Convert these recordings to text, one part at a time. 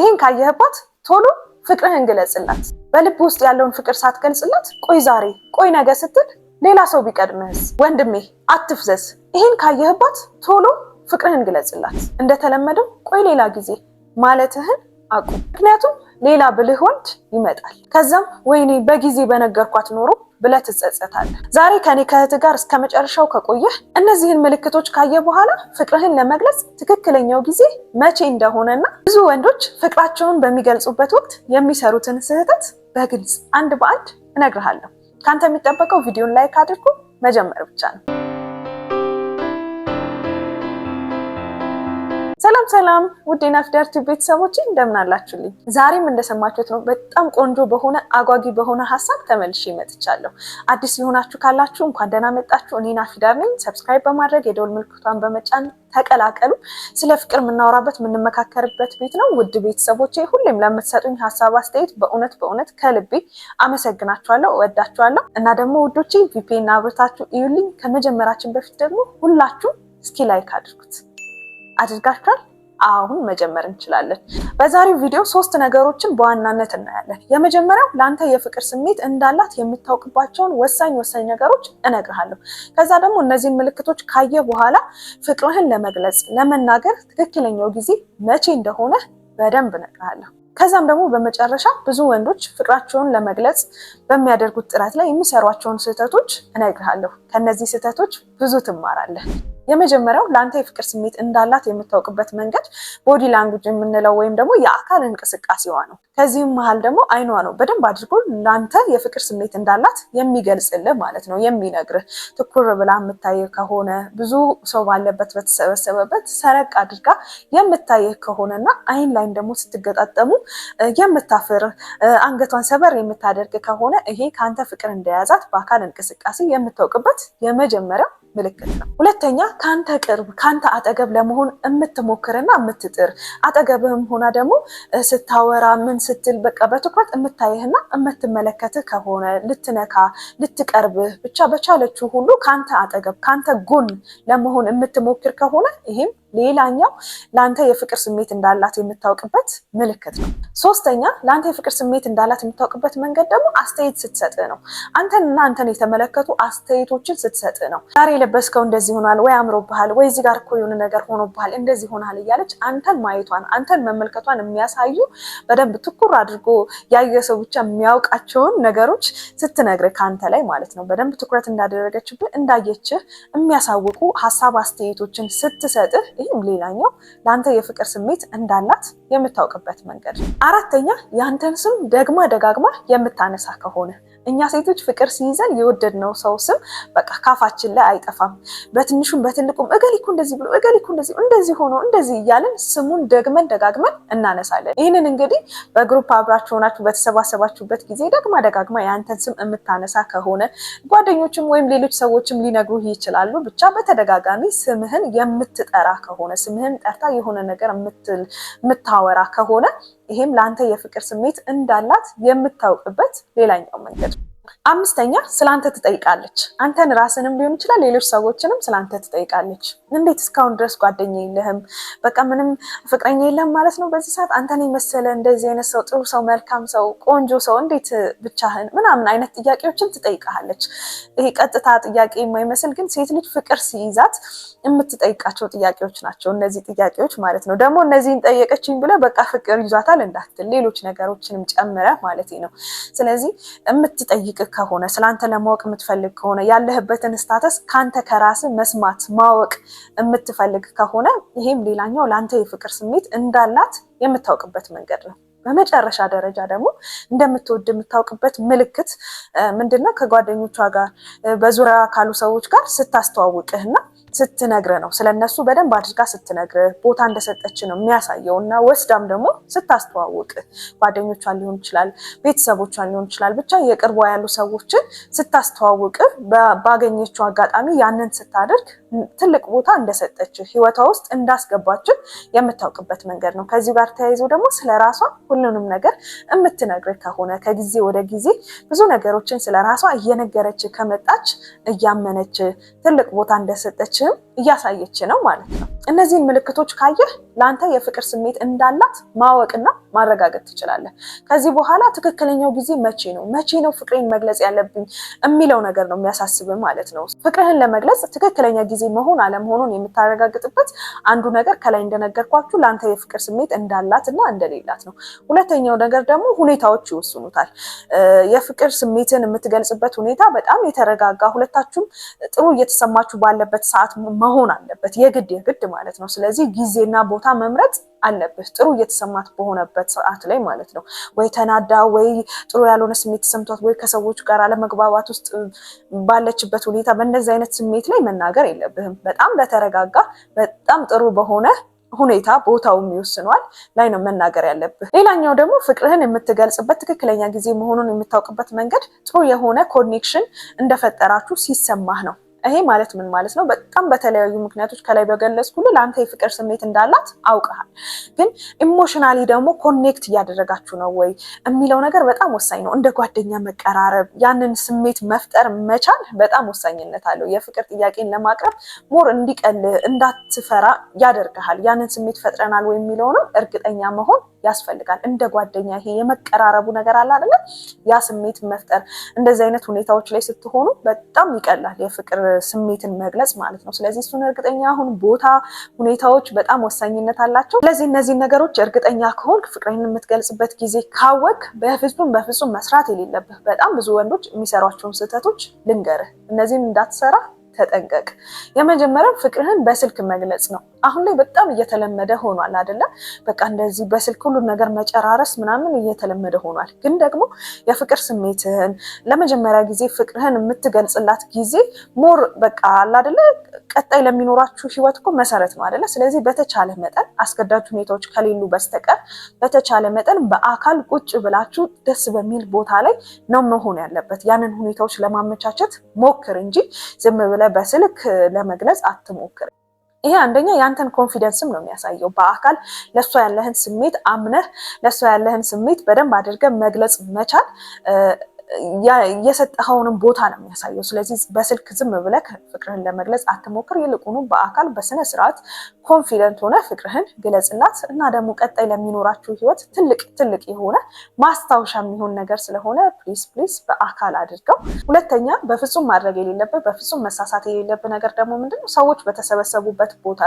ይህን ካየህባት ቶሎ ፍቅርህን ግለጽላት። በልብ ውስጥ ያለውን ፍቅር ሳትገልጽላት ቆይ ዛሬ ቆይ ነገ ስትል ሌላ ሰው ቢቀድምህስ? ወንድሜ አትፍዘዝ። ይህን ካየህባት ቶሎ ፍቅርህን ግለጽላት። እንደተለመደው ቆይ ሌላ ጊዜ ማለትህን አቁም። ምክንያቱም ሌላ ብልህ ወንድ ይመጣል። ከዛም ወይኔ በጊዜ በነገርኳት ኖሮ ብለህ ትጸጸታለህ። ዛሬ ከኔ ከእህት ጋር እስከ መጨረሻው ከቆየህ እነዚህን ምልክቶች ካየ በኋላ ፍቅርህን ለመግለጽ ትክክለኛው ጊዜ መቼ እንደሆነና ብዙ ወንዶች ፍቅራቸውን በሚገልጹበት ወቅት የሚሰሩትን ስህተት በግልጽ አንድ በአንድ እነግርሃለሁ። ካንተ የሚጠበቀው ቪዲዮን ላይክ አድርጎ መጀመር ብቻ ነው። ሰላም ሰላም ውዴ ናፊዳር ቲዩብ ቤተሰቦች እንደምን አላችሁልኝ? ዛሬም እንደሰማችሁት ነው በጣም ቆንጆ በሆነ አጓጊ በሆነ ሀሳብ ተመልሼ መጥቻለሁ። አዲስ የሆናችሁ ካላችሁ እንኳን ደህና መጣችሁ። እኔ ናፊዳር ነኝ። ሰብስክራይብ በማድረግ የደወል ምልክቷን በመጫን ተቀላቀሉ። ስለ ፍቅር የምናወራበት የምንመካከርበት ቤት ነው። ውድ ቤተሰቦቼ ሁሌም ለምትሰጡኝ ሀሳብ አስተያየት በእውነት በእውነት ከልቤ አመሰግናችኋለሁ፣ እወዳችኋለሁ እና ደግሞ ውዶቼ ቪፒ እና አብርታችሁ እዩልኝ። ከመጀመራችን በፊት ደግሞ ሁላችሁ እስኪ ላይክ አድርጉት። አድርጋችኋል? አሁን መጀመር እንችላለን። በዛሬው ቪዲዮ ሶስት ነገሮችን በዋናነት እናያለን። የመጀመሪያው ለአንተ የፍቅር ስሜት እንዳላት የምታውቅባቸውን ወሳኝ ወሳኝ ነገሮች እነግርሃለሁ። ከዛ ደግሞ እነዚህን ምልክቶች ካየ በኋላ ፍቅርህን ለመግለጽ ለመናገር ትክክለኛው ጊዜ መቼ እንደሆነ በደንብ እነግርሃለሁ። ከዛም ደግሞ በመጨረሻ ብዙ ወንዶች ፍቅራቸውን ለመግለጽ በሚያደርጉት ጥረት ላይ የሚሰሯቸውን ስህተቶች እነግርሃለሁ። ከነዚህ ስህተቶች ብዙ ትማራለህ። የመጀመሪያው ለአንተ የፍቅር ስሜት እንዳላት የምታውቅበት መንገድ ቦዲ ላንጉጅ የምንለው ወይም ደግሞ የአካል እንቅስቃሴዋ ነው። ከዚህም መሀል ደግሞ አይኗ ነው በደንብ አድርጎ ለአንተ የፍቅር ስሜት እንዳላት የሚገልጽልህ ማለት ነው የሚነግርህ። ትኩር ብላ የምታይህ ከሆነ ብዙ ሰው ባለበት በተሰበሰበበት ሰረቅ አድርጋ የምታይህ እና አይን ላይን ደግሞ ስትገጣጠሙ የምታፍር አንገቷን ሰበር የምታደርግ ከሆነ ይሄ ከአንተ ፍቅር እንደያዛት በአካል እንቅስቃሴ የምታውቅበት የመጀመሪያው ምልክት ነው። ሁለተኛ ከአንተ ቅርብ ከአንተ አጠገብ ለመሆን የምትሞክርና የምትጥር አጠገብህም ሆና ደግሞ ስታወራ ምን ስትል በቃ በትኩረት የምታይህና የምትመለከትህ ከሆነ ልትነካ ልትቀርብህ ብቻ በቻለችው ሁሉ ከአንተ አጠገብ ከአንተ ጎን ለመሆን የምትሞክር ከሆነ ይህም ሌላኛው ለአንተ የፍቅር ስሜት እንዳላት የምታውቅበት ምልክት ነው። ሶስተኛ ለአንተ የፍቅር ስሜት እንዳላት የምታውቅበት መንገድ ደግሞ አስተያየት ስትሰጥ ነው። አንተን እና አንተን የተመለከቱ አስተያየቶችን ስትሰጥ ነው። ዛሬ የለበስከው እንደዚህ ሆኗል ወይ አምሮብሃል ወይ እዚህ ጋር እኮ የሆነ ነገር ሆኖብሃል እንደዚህ ሆናል እያለች አንተን ማየቷን አንተን መመልከቷን የሚያሳዩ በደንብ ትኩር አድርጎ ያየ ሰው ብቻ የሚያውቃቸውን ነገሮች ስትነግርህ ከአንተ ላይ ማለት ነው በደንብ ትኩረት እንዳደረገችብህ እንዳየችህ የሚያሳውቁ ሀሳብ አስተያየቶችን ስትሰጥህ ይህም ሌላኛው ለአንተ የፍቅር ስሜት እንዳላት የምታውቅበት መንገድ። አራተኛ የአንተን ስም ደግማ ደጋግማ የምታነሳ ከሆነ እኛ ሴቶች ፍቅር ሲይዘን የወደድነው ሰው ስም በቃ ካፋችን ላይ አይጠፋም። በትንሹም በትልቁም እገሊኩ እንደዚህ ብሎ እገሊኩ እንደዚህ እንደዚህ ሆኖ እንደዚህ እያለን ስሙን ደግመን ደጋግመን እናነሳለን። ይህንን እንግዲህ በግሩፕ አብራችሁ ሆናችሁ በተሰባሰባችሁበት ጊዜ ደግማ ደጋግማ የአንተን ስም የምታነሳ ከሆነ ጓደኞችም ወይም ሌሎች ሰዎችም ሊነግሩህ ይችላሉ። ብቻ በተደጋጋሚ ስምህን የምትጠራ ከሆነ ስምህን ጠርታ የሆነ ነገር የምታወራ ከሆነ ይሄም ለአንተ የፍቅር ስሜት እንዳላት የምታውቅበት ሌላኛው መንገድ አምስተኛ ስለአንተ ትጠይቃለች። አንተን ራስንም ሊሆን ይችላል ሌሎች ሰዎችንም ስለአንተ ትጠይቃለች። እንዴት እስካሁን ድረስ ጓደኛ የለህም? በቃ ምንም ፍቅረኛ የለህም ማለት ነው? በዚህ ሰዓት አንተን የመሰለ እንደዚህ አይነት ሰው፣ ጥሩ ሰው፣ መልካም ሰው፣ ቆንጆ ሰው እንዴት ብቻህን ምናምን አይነት ጥያቄዎችን ትጠይቃለች። ይሄ ቀጥታ ጥያቄ የማይመስል ግን ሴት ልጅ ፍቅር ሲይዛት የምትጠይቃቸው ጥያቄዎች ናቸው እነዚህ ጥያቄዎች ማለት ነው። ደግሞ እነዚህን ጠየቀችኝ ብለህ በቃ ፍቅር ይዟታል እንዳትል፣ ሌሎች ነገሮችንም ጨምረህ ማለት ነው። ስለዚህ የምትጠይቅ ከሆነ ስለአንተ ለማወቅ የምትፈልግ ከሆነ ያለህበትን ስታተስ ከአንተ ከራስ መስማት ማወቅ የምትፈልግ ከሆነ ይሄም ሌላኛው ለአንተ የፍቅር ስሜት እንዳላት የምታውቅበት መንገድ ነው። በመጨረሻ ደረጃ ደግሞ እንደምትወድ የምታውቅበት ምልክት ምንድነው? ከጓደኞቿ ጋር በዙሪያ ካሉ ሰዎች ጋር ስታስተዋውቅህ እና ነው። ስለነሱ በደንብ አድርጋ ስትነግር ቦታ እንደሰጠች ነው የሚያሳየው እና ወስዳም ደግሞ ስታስተዋውቅህ ጓደኞቿን ሊሆን ይችላል፣ ቤተሰቦቿን ሊሆን ይችላል፣ ብቻ የቅርቧ ያሉ ሰዎችን ስታስተዋውቅህ ባገኘችው አጋጣሚ ያንን ስታደርግ ትልቅ ቦታ እንደሰጠችው ህይወቷ ውስጥ እንዳስገባችው የምታውቅበት መንገድ ነው። ከዚህ ጋር ተያይዞ ደግሞ ስለ ራሷ ሁሉንም ነገር የምትነግር ከሆነ ከጊዜ ወደ ጊዜ ብዙ ነገሮችን ስለ ራሷ እየነገረች ከመጣች እያመነች ትልቅ ቦታ እንደሰጠችህም እያሳየች ነው ማለት ነው። እነዚህን ምልክቶች ካየህ ለአንተ የፍቅር ስሜት እንዳላት ማወቅና ማረጋገጥ ትችላለህ። ከዚህ በኋላ ትክክለኛው ጊዜ መቼ ነው፣ መቼ ነው ፍቅሬን መግለጽ ያለብኝ የሚለው ነገር ነው የሚያሳስብ ማለት ነው። ፍቅርህን ለመግለጽ ትክክለኛ ጊዜ መሆን አለመሆኑን የምታረጋግጥበት አንዱ ነገር ከላይ እንደነገርኳችሁ ለአንተ የፍቅር ስሜት እንዳላት እና እንደሌላት ነው። ሁለተኛው ነገር ደግሞ ሁኔታዎች ይወስኑታል። የፍቅር ስሜትን የምትገልጽበት ሁኔታ በጣም የተረጋጋ ሁለታችሁም ጥሩ እየተሰማችሁ ባለበት ሰዓት መሆን አለበት። የግድ የግድ ማለት ነው። ስለዚህ ጊዜና ቦታ መምረጥ አለብህ። ጥሩ እየተሰማት በሆነበት ሰዓት ላይ ማለት ነው። ወይ ተናዳ ወይ ጥሩ ያልሆነ ስሜት ተሰምቷት ወይ ከሰዎች ጋር አለመግባባት ውስጥ ባለችበት ሁኔታ በእንደዚህ አይነት ስሜት ላይ መናገር የለብህም። በጣም በተረጋጋ በጣም ጥሩ በሆነ ሁኔታ ቦታውም ይወስኗል ላይ ነው መናገር ያለብህ። ሌላኛው ደግሞ ፍቅርህን የምትገልጽበት ትክክለኛ ጊዜ መሆኑን የምታውቅበት መንገድ ጥሩ የሆነ ኮኔክሽን እንደፈጠራችሁ ሲሰማህ ነው። ይሄ ማለት ምን ማለት ነው? በጣም በተለያዩ ምክንያቶች ከላይ ሁሉ ለአንተ የፍቅር ስሜት እንዳላት አውቀሃል። ግን ኢሞሽናሊ ደግሞ ኮኔክት እያደረጋችሁ ነው ወይ የሚለው ነገር በጣም ወሳኝ ነው። እንደ ጓደኛ መቀራረብ፣ ያንን ስሜት መፍጠር መቻል በጣም ወሳኝነት አለው። የፍቅር ጥያቄን ለማቅረብ ሞር እንዲቀል እንዳትፈራ ያደርግሃል። ያንን ስሜት ፈጥረናል ወይ የሚለውንም እርግጠኛ መሆን ያስፈልጋል። እንደ ጓደኛ ይሄ የመቀራረቡ ነገር አለ አይደለ? ያ ስሜት መፍጠር እንደዚህ አይነት ሁኔታዎች ላይ ስትሆኑ በጣም ይቀላል የፍቅር ስሜትን መግለጽ ማለት ነው። ስለዚህ እሱን እርግጠኛ አሁን ቦታ፣ ሁኔታዎች በጣም ወሳኝነት አላቸው። ስለዚህ እነዚህ ነገሮች እርግጠኛ ከሆን ፍቅርን የምትገልጽበት ጊዜ ካወቅ በፍጹም በፍጹም መስራት የሌለብህ በጣም ብዙ ወንዶች የሚሰሯቸውን ስህተቶች ልንገርህ እነዚህን እንዳትሰራ ተጠንቀቅ። የመጀመሪያው ፍቅርህን በስልክ መግለጽ ነው። አሁን ላይ በጣም እየተለመደ ሆኗል አይደለ? በቃ እንደዚህ በስልክ ሁሉ ነገር መጨራረስ ምናምን እየተለመደ ሆኗል። ግን ደግሞ የፍቅር ስሜትህን ለመጀመሪያ ጊዜ ፍቅርህን የምትገልጽላት ጊዜ ሞር በቃ አላደለ ቀጣይ ለሚኖራችሁ ህይወት እኮ መሰረት ነው አይደለ? ስለዚህ በተቻለ መጠን አስገዳጅ ሁኔታዎች ከሌሉ በስተቀር በተቻለ መጠን በአካል ቁጭ ብላችሁ ደስ በሚል ቦታ ላይ ነው መሆን ያለበት። ያንን ሁኔታዎች ለማመቻቸት ሞክር እንጂ ዝም ብለህ በስልክ ለመግለጽ አትሞክር። ይሄ አንደኛ ያንተን ኮንፊደንስም ነው የሚያሳየው። በአካል ለእሷ ያለህን ስሜት አምነህ ለእሷ ያለህን ስሜት በደንብ አድርገህ መግለጽ መቻል የሰጠኸውንም ቦታ ነው የሚያሳየው። ስለዚህ በስልክ ዝም ብለህ ፍቅርህን ለመግለጽ አትሞክር። ይልቁኑ በአካል በስነ ስርዓት ኮንፊደንት ሆነ ፍቅርህን ግለጽላት እና ደግሞ ቀጣይ ለሚኖራችሁ ህይወት ትልቅ ትልቅ የሆነ ማስታወሻ የሚሆን ነገር ስለሆነ ፕሊስ ፕሊስ በአካል አድርገው። ሁለተኛ በፍጹም ማድረግ የሌለብህ በፍጹም መሳሳት የሌለብህ ነገር ደግሞ ምንድን ሰዎች በተሰበሰቡበት ቦታ፣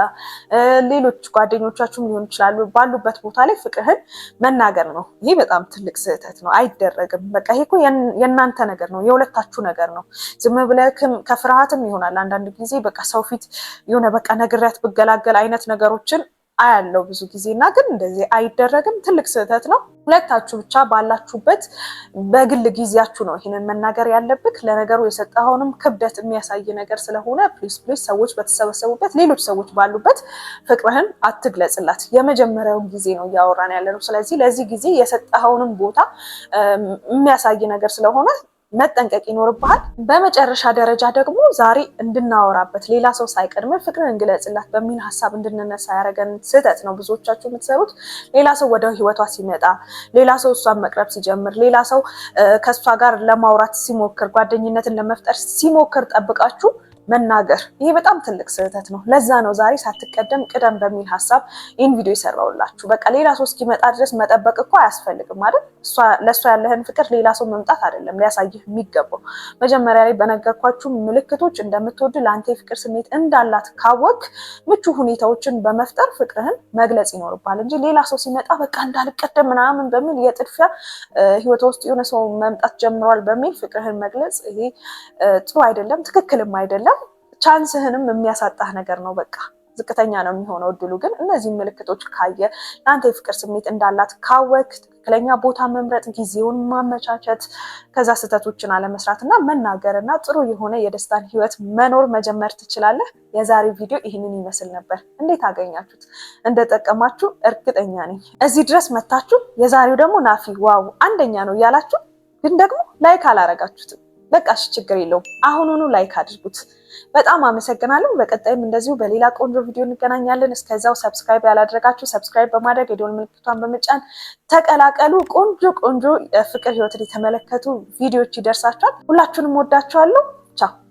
ሌሎች ጓደኞቻችሁም ሊሆን ይችላሉ ባሉበት ቦታ ላይ ፍቅርህን መናገር ነው። ይሄ በጣም ትልቅ ስህተት ነው፣ አይደረግም። በቃ ይሄ የእናንተ ነገር ነው፣ የሁለታችሁ ነገር ነው። ዝም ብለክም ከፍርሃትም ይሆናል አንዳንድ ጊዜ በቃ ሰው ፊት የሆነ በቃ ነግሪያት ብገላገል አይነት ነገሮችን አያለው ብዙ ጊዜ እና ግን እንደዚህ አይደረግም። ትልቅ ስህተት ነው። ሁለታችሁ ብቻ ባላችሁበት በግል ጊዜያችሁ ነው ይህንን መናገር ያለብክ ለነገሩ የሰጠኸውንም ክብደት የሚያሳይ ነገር ስለሆነ ፕሊስ ፕሊስ ሰዎች በተሰበሰቡበት ሌሎች ሰዎች ባሉበት ፍቅርህን አትግለጽላት። የመጀመሪያውን ጊዜ ነው እያወራን ያለ ነው። ስለዚህ ለዚህ ጊዜ የሰጠኸውንም ቦታ የሚያሳይ ነገር ስለሆነ መጠንቀቅ ይኖርብሃል። በመጨረሻ ደረጃ ደግሞ ዛሬ እንድናወራበት ሌላ ሰው ሳይቀድም ፍቅርን እንግለጽላት በሚል ሀሳብ እንድንነሳ ያደረገን ስህተት ነው ብዙዎቻችሁ የምትሰሩት። ሌላ ሰው ወደ ህይወቷ ሲመጣ፣ ሌላ ሰው እሷን መቅረብ ሲጀምር፣ ሌላ ሰው ከእሷ ጋር ለማውራት ሲሞክር፣ ጓደኝነትን ለመፍጠር ሲሞክር ጠብቃችሁ መናገር ይሄ በጣም ትልቅ ስህተት ነው። ለዛ ነው ዛሬ ሳትቀደም ቅደም በሚል ሀሳብ ይህን ቪዲዮ የሰራውላችሁ። በቃ ሌላ ሰው እስኪመጣ ድረስ መጠበቅ እኮ አያስፈልግም አይደል? ለእሷ ያለህን ፍቅር ሌላ ሰው መምጣት አይደለም ሊያሳይህ የሚገባው። መጀመሪያ ላይ በነገርኳችሁ ምልክቶች እንደምትወድ ለአንተ የፍቅር ስሜት እንዳላት ካወቅ ምቹ ሁኔታዎችን በመፍጠር ፍቅርህን መግለጽ ይኖርባል እንጂ ሌላ ሰው ሲመጣ በቃ እንዳልቀደም ምናምን በሚል የጥድፊያ ህይወት ውስጥ የሆነ ሰው መምጣት ጀምሯል በሚል ፍቅርህን መግለጽ ይሄ ጥሩ አይደለም፣ ትክክልም አይደለም። ቻንስህንም የሚያሳጣህ ነገር ነው። በቃ ዝቅተኛ ነው የሚሆነው እድሉ። ግን እነዚህ ምልክቶች ካየ ለአንተ የፍቅር ስሜት እንዳላት ካወቅ ትክክለኛ ቦታ መምረጥ፣ ጊዜውን ማመቻቸት፣ ከዛ ስህተቶችን አለመስራት እና መናገር እና ጥሩ የሆነ የደስታን ህይወት መኖር መጀመር ትችላለህ። የዛሬው ቪዲዮ ይህንን ይመስል ነበር። እንዴት አገኛችሁት? እንደጠቀማችሁ እርግጠኛ ነኝ። እዚህ ድረስ መታችሁ የዛሬው ደግሞ ናፊ ዋው አንደኛ ነው እያላችሁ ግን ደግሞ ላይክ አላረጋችሁትም እሺ፣ ችግር የለውም። አሁኑኑ ላይክ አድርጉት። በጣም አመሰግናለሁ። በቀጣይም እንደዚሁ በሌላ ቆንጆ ቪዲዮ እንገናኛለን። እስከዛው ሰብስክራይብ ያላደረጋችሁ ሰብስክራይብ በማድረግ የደወል ምልክቷን በመጫን ተቀላቀሉ። ቆንጆ ቆንጆ ፍቅር ህይወትን የተመለከቱ ቪዲዮዎች ይደርሳችኋል። ሁላችሁንም ወዳችኋለሁ። ቻው